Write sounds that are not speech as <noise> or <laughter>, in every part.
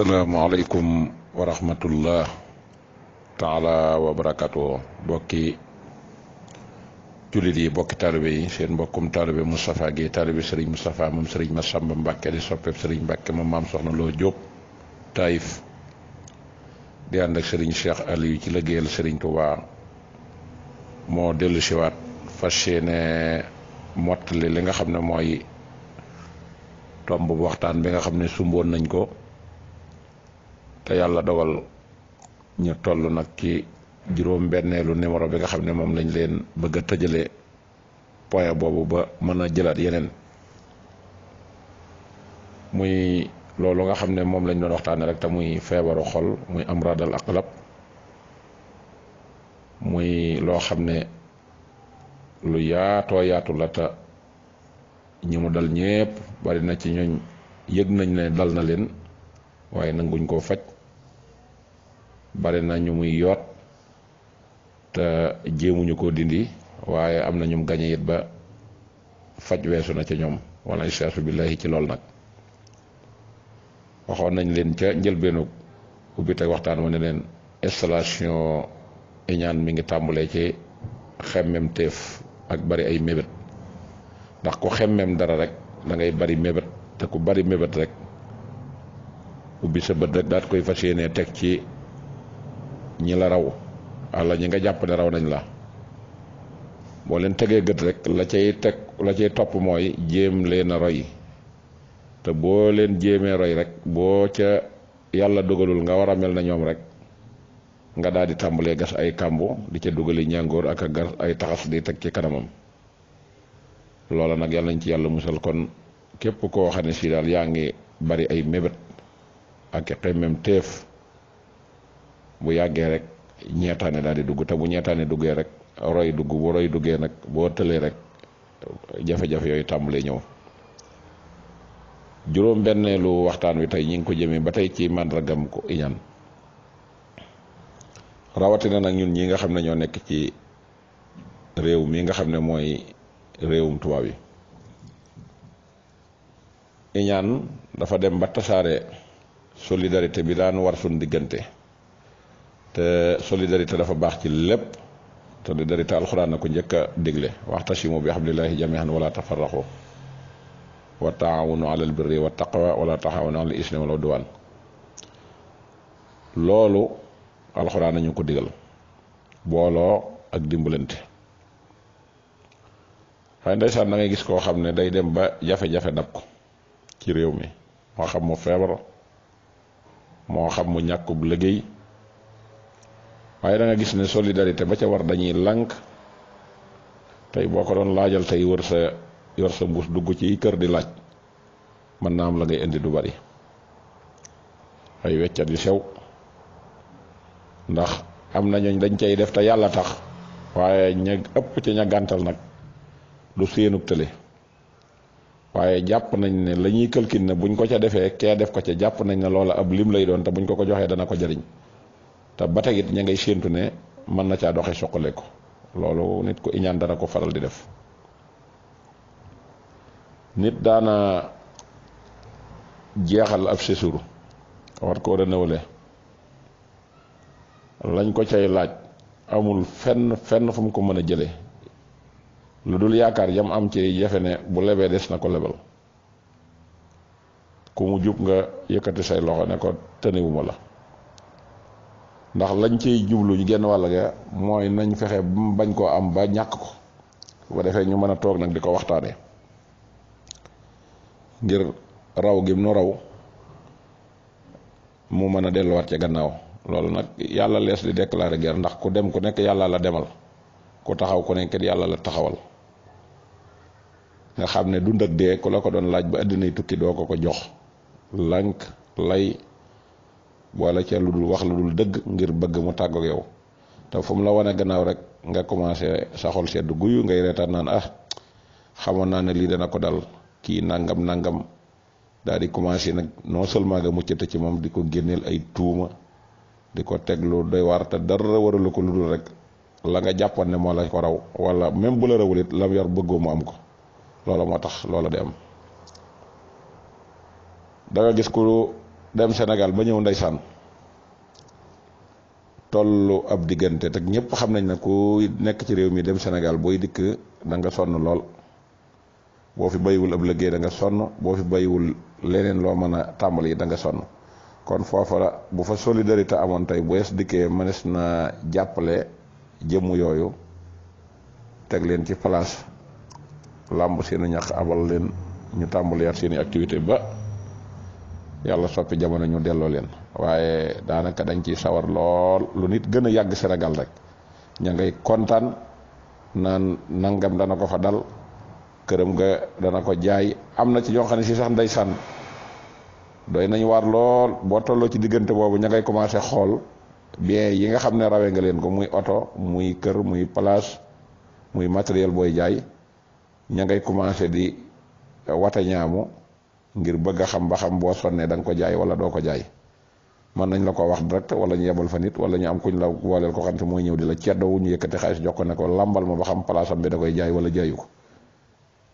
asalaamaaleykum wa rahmatullah taala wa barakaatu bokki jullit yi bokki taalibe yi seen mbokkum taalibe Moustapha Guèye taalibe sëriñ Moustapha moom sëriñ Massamba Mbàkke di soppeeb sëriñ Mbàkke moom maam soxna loo Jóob Taïf di ànd ak sëriñ Cheikh Aliou ci liggéeyal sëriñ Touba moo dellusiwaat siwaat fas mottali li nga xam ne mooy tomb waxtaan bi nga xam ne sumboon nañ ko te yàlla dogal ñu toll nag ki juróom benneelu numéro bi nga xam ne moom lañ leen bëgg a tëjale point boobu ba mën a jëlaat yeneen muy loolu nga xam ne moom lañ doon waxtaane rek te muy feebaru xol muy am radal aqlab muy loo xam ne lu yaatoo yaatu la te ñi mu dal ñépp bari na ci ñooñ yëg nañ ne dal na leen waaye nanguñ koo faj bari nañu muy yoot te jéemuñu koo dindi waaye am na ñum gañe ba faj weesu na ca ñoom wala istaasu billahi ci lool nag waxoon nañ leen ca njëlbeenu ubbi teg waxtaan wa ne leen installation iñaan mi ngi tàmbulee ci xemmem teef ak bari ay mébét ndax ku xemmem dara rek da ngay bari mébét te ku bari mébét rek ubbi sa bët rek daat koy fas yéenee teg ci ñi la raw walla ñi nga jàpp ne raw nañ la boo leen tegee gët rek la cay teg la cay topp mooy jéem leen a roy te boo leen jéemee roy rek boo ca yàlla dugalul nga war a mel na ñoom rek nga daal di tàmbalee gas ay kàmbu di ca dugali ñàngoor ak a gar ay taxas di teg ci kanamam loola nag yàlla nañ ci yàlla musal kon képp koo xam ne si daal yaa ngi bari ay mébét ak xemmem téef bu yàggee rek ñeetaane daal di dugg te bu ñeetaane duggee rek roy dugg bu roy duggee nag boo tëlee rek jafe-jafe yooyu tàmbalee ñëw juróom benneelu waxtaan wi tey ñi ngi ko jëmee ba tey ci man màndargam ko iñaan rawatina nag ñun ñi nga xam ne ñoo nekk ci réew mi nga xam ne mooy réewum tubaab yi iñaan dafa dem ba tasaare solidarité bi daan war suñ diggante te solidarité dafa baax ci lépp solidarité alxuraan na ko njëkk a digle waxtasimu bi hablillahi jami'an wala tafarraqu wa taawunu alal birri wa taqwa wala taawunu alal ismi wal udwan loolu alxuraan nañu ko digal booloo ak dimbalante xëy ndeysaan da gis koo xam ne day dem ba jafe-jafe dab ko ci réew mi moo xam mu feebar moo xam mu ñàkkub liggéey waaye da gis ne solidarité ba ca war dañuy lank tey boo ko doon laajal tey wër sa yor sa mbuus dugg ci kër di laaj mën naa am la ngay indi du bari ay weccat yu sew ndax am na ñooñ dañ cay def te yàlla tax waaye ña ëpp ci ña gàntal nag du séenub tële waaye jàpp nañ ne la ñuy calcul ne buñ ko ca defee kee def ko ca jàpp nañ ne loola ab lim lay doon te buñ ko ko joxee dana ko jariñ te ba tegit it ña ngay séentu ne mën na caa doxe soqale ko loolu nit ko iñaan dana ko faral di def nit daana jeexal ab séjour war koo renouvelé lañ ko cay laaj amul fenn fenn fu mu ko mën a jëlee lu dul yaakaar yam am ci jafe ne bu lebee des na ko lebal ku mu jub nga yëkkati say loxo ne ko tëniwuma la ndax lañ ciy jublu ñu genn wàll ga mooy nañ fexe bañ koo am ba ñàkk ko bu defee ñu mën a toog nag di ko waxtaanee ngir raw gi nu raw mu mën a delluwaat ci gannaaw loolu nag yàlla lees di déclarer guerre ndax ku dem ku nekk yàlla la demal ku taxaw ku nekk yàlla la taxawal nga xam ne dund ak dee ku la ko doon laaj ba àddinay tukki doo ko ko jox lànk lay boole ca lu dul wax lu dul dëgg ngir bëgg mu tàggoog yow te fu mu la wane gannaaw rek nga commencé saxol sedd guyy ngay reetaan naan ah xamoon naa ne lii dana ko dal kii nangam nangam daal di commencé nag non seulement nga muccate ci moom di ko génneel ay tuuma di ko teglu day doy te dara waralu ko lu dul rek la nga jàppoon ne moo la ko raw wala même bu la rawul it lam yor bëggoo mu am ko. loola moo tax loola di am da nga gis ku dem Sénégal ba ñëw ndeysaan tollu ab diggante teg ñëpp xam nañ ne ku nekk ci réew mii dem Sénégal booy dikk da nga sonn lool boo fi bayiwul ab liggéey da nga sonn boo fi bayiwul leneen loo mën a tàmbali da nga sonn kon foofa la bu fa solidarité amoon tey bu yees dikkee mënees na jàppale jëmm yooyu teg leen ci place làmb seen ñàkk abal leen ñu tàmbali yar seen i activité ba yàlla soppi jamono ñu delloo leen waaye daanaka dañ ciy sawar lool lu nit gën a yàgg senegal rek ña ngay kontaan naan nangam dana ko fa dal këram ga dana ko jaay am na ci ñoo xam ne si sax ndeysaan doy nañ waar lool boo tolloo ci diggante boobu ña ngay commencé xool bien yi nga xam ne rawee nga leen ko muy oto muy kër muy place muy matériel booy jaay ña ngay commencé di euh, wata ñaamu ngir bëgg a xam ba xam boo sonnee da nga ko jaay wala doo ko jaay mën nañ la ko wax direct wala ñu yebal fa nit wala ñu am kuñ la booleel ko xam mooy ñëw di la ceddoo ñu yëkkati xaalis jox ko ne ma ba xam place am bi koy jaay wala jaayu ko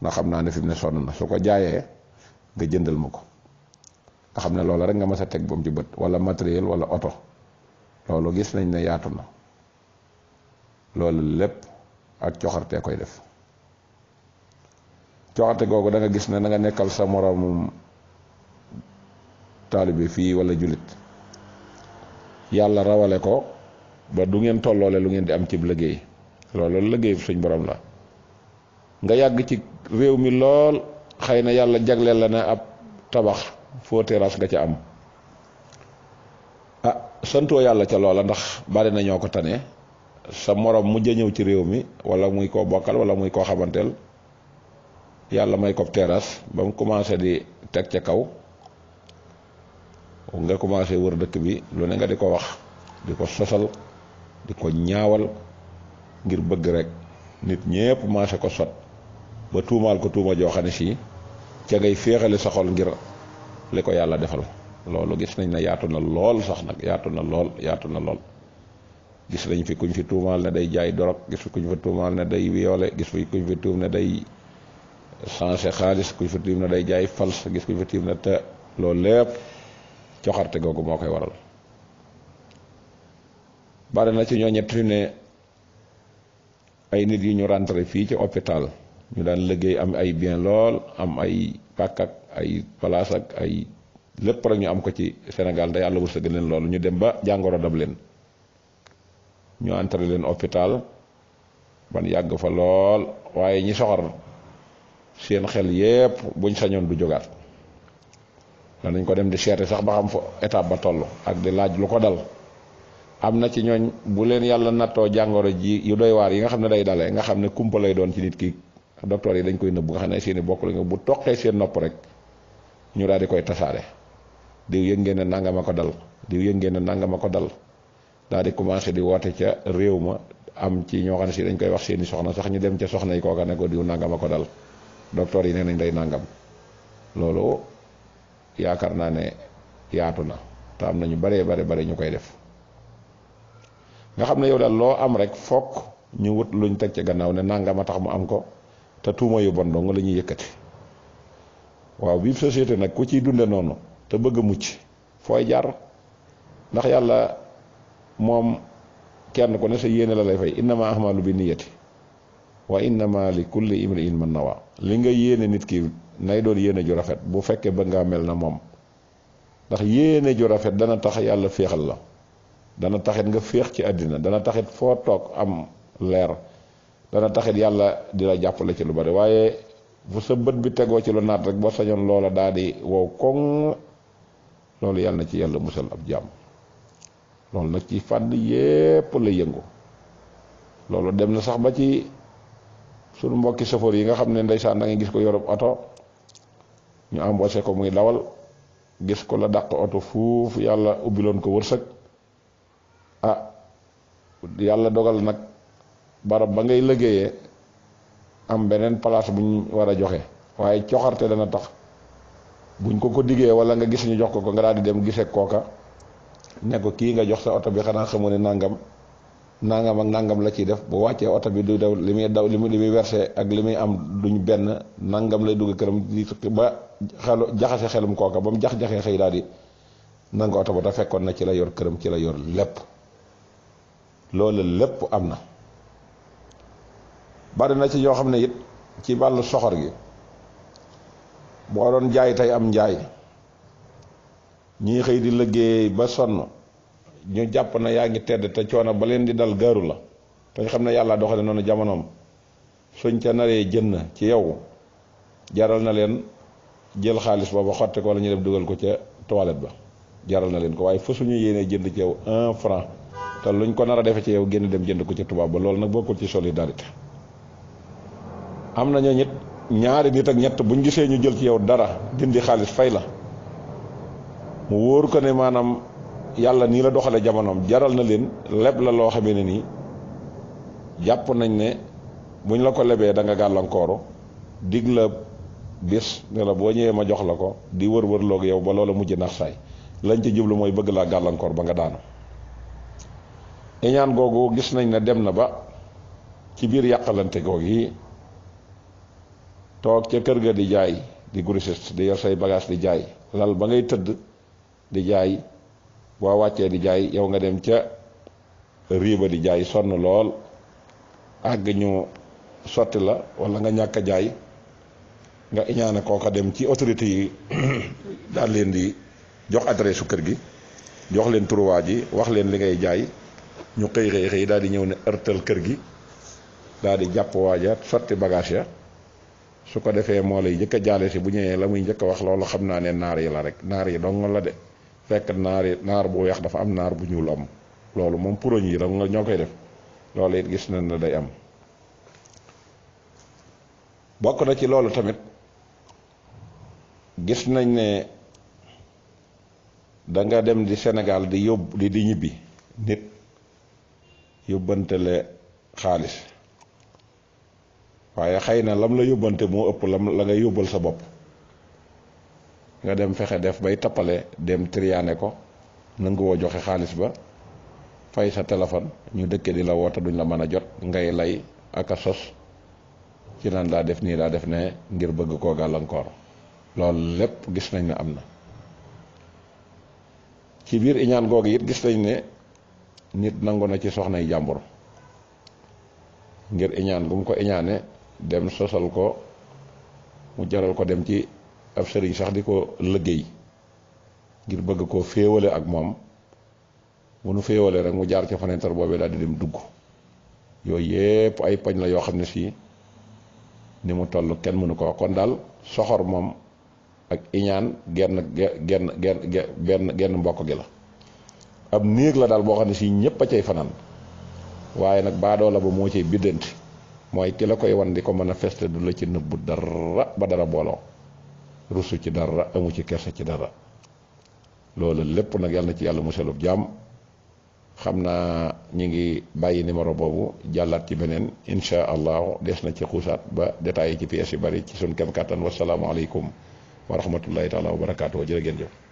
xam naa ne fi mu sonn na su ko jaayee nga jëndal ma ko nga xam ne loolu rek nga mës a teg ba mu ci bët wala matériel wala oto loolu gis nañ ne yaatu na loolu lépp ak coxarte koy def. cooxante googu danga gis ne da nekkal sa moroomum taalibe fii walla jullit yàlla rawale ko ba du ngeen tolloole lu ngeen di am cib liggéey loolu liggéey suñ borom la nga yàgg ci réew mi lool xëy na yàlla jagleel la ne ab tabax foo terrasse nga ca am a ah, santoo yàlla ca loola ndax bari nañoo ko tane sa morom mujj a ñëw ci réew mi wala muy koo bokkal wala muy koo xamanteel yàlla may ko terrasse ba mu commencé di teg ca kaw nga commencé wër dëkk bi lu ne nga di ko wax di ko sosal di ko ñaawal ngir bëgg rek nit ñépp commencé ko sot ba tuumaal ko tuuma joo xam ne sii ca ngay féexali sa xol ngir li ko yàlla defal loolu gis nañ ne yaatu na lool sax nag yaatu na lool yaatu na lool gis nañ fi kuñ fi tuumaal ne day jaay dorog gis fi kuñ fi tuumaal ne day wiyoole gis fi kuñ fi tuum ne day changé xaalis kuñ fa tiim na day jaay fals gis kuñ fa tiim na te loolu lépp coxarte googu moo koy waral bari na ci ñoo ñetti ne ay nit yi ñu rentre fii ci hôpital ñu daan liggéey am ay bien lool am ay pàkk ay place ak ay lépp rek ñu am ko ci Sénégal day àll wërsëgal leen lool ñu dem ba jàngoro dab leen ñu entré leen hôpital ban yàgg fa lool waaye ñi soxor seen xel yépp buñ sañoon du jógaat danañ ko dem di seeti sax ba xam fa étape ba toll ak di laaj lu ko dal am na ci ñooñ bu leen yàlla nattoo jàngoro ji yu doy waar yi nga xam ne day dale nga xam ne kumpa lay doon ci nit ki docteur yi dañ koy nëbb nga xam ne seeni bokk la bu toqee seen nopp rek ñu daal di koy tasaare diw yëg ngeen ne nangama ko dal diw yëg ngeen ne nangama ko dal daal di commencé di woote ca réew ma am ci ñoo xam ne si dañ koy wax seeni soxna sax ñu dem ca soxna yi kooka ne ko diw nangama ko dal docteur yi nee nañ day nangam loolu yaakaar naa ne yaatu na te am na ñu baree bare bare ñu koy def nga xam ne yow daal loo am rek fokk ñu wut luñ teg ci gannaaw ne nangam a tax mu am ko te tuuma yu bon dong la ñuy yëkkati waaw bii société nag ku ciy dunde noonu te bëgg mucc fooy jaar ndax yàlla moom kenn ku ne sa yéene la lay fay lu ahmalu bi niyati wa innama li kulli imriin man na waa li nga yéene nit ki nay doon yéene ju rafet bu fekkee ba ngaa mel na moom ndax yéene ju rafet dana tax yàlla féexal la dana taxit nga féex ci àddina dana taxit foo toog am leer dana taxit yàlla di la jàppale ci lu bari waaye bu sa bët bi tegoo ci lu naat rek boo sañoon loola daal di wow koŋ loolu yàlla na ci yàlla musal ab jàmm loolu nag ci fànn yépp la yëngu loolu dem na sax ba ci suñu mbokki chauffeur yi nga xam ne ndeysaan da ngay gis ko yorob oto ñu embauché ko muy dawal gis ko la dàq oto fuuf yàlla ubbiloon ko wërsëg ah yàlla dogal nag barab ba ngay liggéeyee am beneen place bu ñu war a joxe waaye coxarte dana tax buñ ko ko diggee wala nga gis ñu jox ko ko nga daal di dem gisee kooka ne ko kii nga jox sa oto bi xanaa xamu ne nàngam nangam ak nangam la ciy def bu wàccee oto bi du daw li muy daw li muy li muy versé ak li muy am duñ benn nangam lay dugg këram ba xelu jaxase xelum kooka ba mu jax-jaxee xëy daal di nanga oto ba te fekkoon na ci la yor këram ci la yor lépp loolu lépp am na bari na ci ñoo xam ne it ci wàllu soxoor gi boo doon jaay tey am njaay ñii xëy di liggéey ba sonn ñu jàpp na yaa ngi tedd te coono ba leen di dal gaaru la te nga xam ne yàlla doxale noonu jamonoom suñ ca naree jën na ci yow jaral na leen jël xaalis booba xotti ko wala ñu dem dugal ko ca toilette ba jaral na leen ko waaye fa suñu yéenee jënd ci yow un franc te luñ ko nar a defee ci yow génn dem jënd ko ca tubaab ba loolu nag ko ci solidarité am nañu nit ñaari nit ak ñett buñ gisee ñu jël ci yow dara dindi xaalis fay la mu wóor ko ne maanaam. yàlla nii la doxale jamonoom jaral na leen leb la loo xamee ne nii jàpp nañ ne buñ la ko lebee da nga gàllankooru dig la bis ne la boo ñëwee ma jox la ko di wër-wër loog yow ba loola mujj nax saay lañ ci jublu mooy bëgg laa gàllankoor ba nga daanu iñaan googu gis nañ ne dem na ba ci biir yàqalante googu yi toog ca kër ga di jaay di grossiste di yor say bagage di jaay lal ba ngay tëdd di jaay boo wàccee di jaay yow nga dem ca riiba di jaay sonn lool àgg ñu sotti la wala nga ñàkk a jaay nga iñaane kooka dem ci autorité yi <coughs> daal leen di jox adresse su kër gi jox leen turuwaa ji wax leen li ngay jaay ñu xëy xëy xëy daal di ñëw ne ërtal kër gi daal di jàpp waaja sotti bagage ya su ko defee moo lay njëkk a jaale si bu ñëwee la muy jëkk wax loolu xam naa ne naar yi la rek naar yi dong la de fekk naar it naar bu weex dafa am naar bu ñuul am loolu moom puroñ yi rek ñoo koy def loolu it gis nañ ne day am bokk na ci loolu tamit gis nañ ne da dem di Sénégal di yóbbu di di ñibbi nit la xaalis waaye xëy na lam la yóbbante moo ëpp lam la ngay yóbbal sa bopp nga dem fexe def bay tappale dem triané ko nanguwoo joxe xaalis ba fay sa téléphone ñu dëkke di la woote duñ la mën a jot ngay lay ak a sos ci lan laa def nii laa def ne ngir bëgg koo gàllankoor loolu lépp gis nañ ne am na ci biir iñaan googu it gis nañ ne nit nangu na ci soxnay jàmbur ngir iñaan gum ko iñaane dem sosal ko mu jaral ko dem ci ab sëriñ sax di ko lëggéey ngir bëgg koo féewale ak moom bu nu féewalee rek mu jaar ci fenêtre boobee daal di dem dugg yooyu yépp ay poñ la yoo xam ne sii ni mu toll kenn mënu ko wax kon daal soxor moom ak iñaan genn genn genn genn genn mbokk gi la ab néeg la daal boo xam ne sii ñépp a cay fanaan waaye nag baadoo la ba moo cay biddanti mooy ki la koy wan di ko mën a feste du la ci nëbbu dara ba dara booloo rusu ci dara amu ci kersa ci dara loolu lépp nag yàlla na ci yàlla musalub jàmm xam naa ñi ngi bàyyi numéro boobu jàllaat ci beneen insha allahu des na ci xuusaat ba détails yi ci pièces yu bari ci suñ kem kàttan wasalaamualeykum wa rahmatullahi taala wa barakaatu jërë ngeen jëf